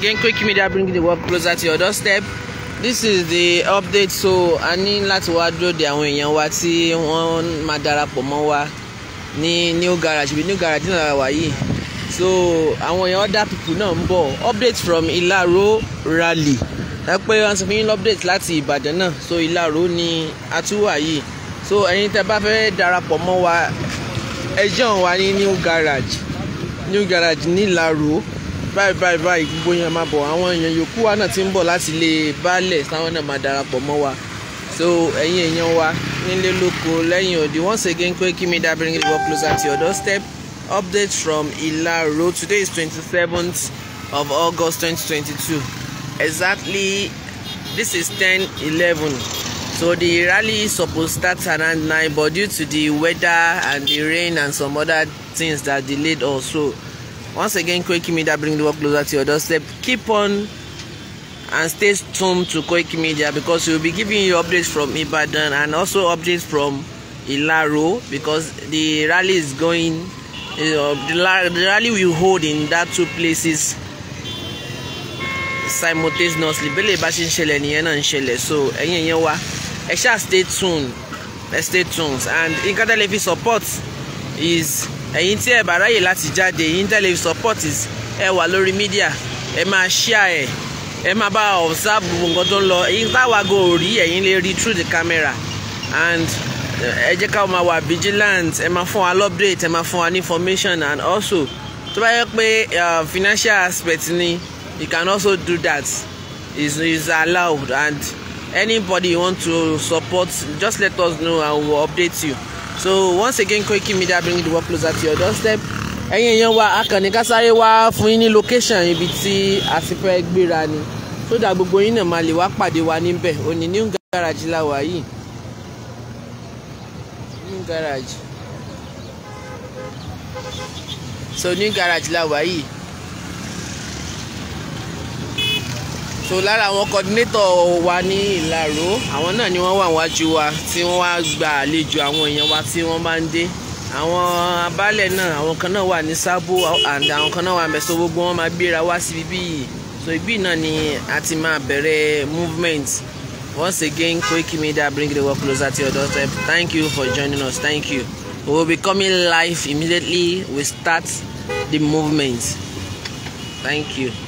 Again, Quick Media bringing the world closer to your doorstep. This is the update so a ní láti wá dúró de àwọn èèyàn wa tí wọ́n máa darapọ̀ mọ́ wa ní new garage ibi new garage náà wà yìí so àwọn èèyàn other people náà ń bọ̀ update from Ilaro rally lápẹ́ wọ́n ti fi ń update láti Ìbàdàn náà so Ilaro ni a tún wà yìí so ẹ̀yin tẹ́ bá fẹ́ darapọ̀ mọ́ wa ẹ jọ̀ọ́ wá ní new garage new garage ní Ilaro báyìí báyìí báyìí gbogbo yẹn máa bọ̀ àwọn èèyàn yòókù wa náà ti ń bọ̀ láti lè baálẹ̀ táwọn náà máa darapọ̀ mọ́ wa so ẹ̀yin èèyàn wa nílé lóko lẹ́yìn odi once again Koiki Media bringing the world closer to your doorstep update from Road. today is twenty seventh of August twenty twenty two exactly this is ten eleven so the rally is supposed to start around nine but due to the weather and the rain and some other things that delayed also. Once again, Koiki Media bring the world closer to your doorstep. Keep on and stay tuned to Koiki Media because we'll be giving you updates from Ibadan and also updates from Ilaro because the rally is going, you know, the, rally we hold in that two places simultaneously bele lè bá ṣe ń ṣẹlẹ̀ so ẹ̀yin ẹ̀yẹn wa ẹ ṣáà stay tuned ẹ stay tuned and nǹkan tẹ́lẹ̀ fi support is ẹ̀yin tí ẹ bá ráyè láti jáde yín tẹ́lẹ̀ support is ẹ wà lórí media ẹ máa share ẹ máa bá observe gbogbo nǹkan tó ń lọ yín táwa go rí ẹ̀yin lè rí through the camera and ẹ jẹ́ ká máa wà vigilant ẹ máa fún wa update ẹ máa fún wa information and also tó bá yẹ pé uh, financial aspect ni you can also do that is is allowed and anybody want to support just let us know and we will update you so once again Koiki Media bring the work closer to your doorstep ẹ̀yin èèyàn wa akànnì kásáré wá fún yín ní location ibi tí a ti fẹ́ gbéra ni sódà gbogbo yín náà máa lè wá pàdé wa níbẹ̀ òní new garage la wà yìí new garage so new garage la wà yìí so lára àwọn coordinator wa ní Ìlaró àwọn náà ni wọ́n wà wájú wa tí wọ́n wá gba àlejò àwọn èèyàn wa tí wọ́n bá ń dé àwọn abálẹ̀ náà àwọn kan náà wà ní Sábó and àwọn kan náà wà mẹ́sọ gbogbo wọn máa gbéra wá síbi bíi so ibi náà ni a ti máa bẹ̀rẹ̀ movement once again Koiki Media bring the work closer to your doorstep thank you for joining us thank you we will be coming live immediately we start the movement thank you.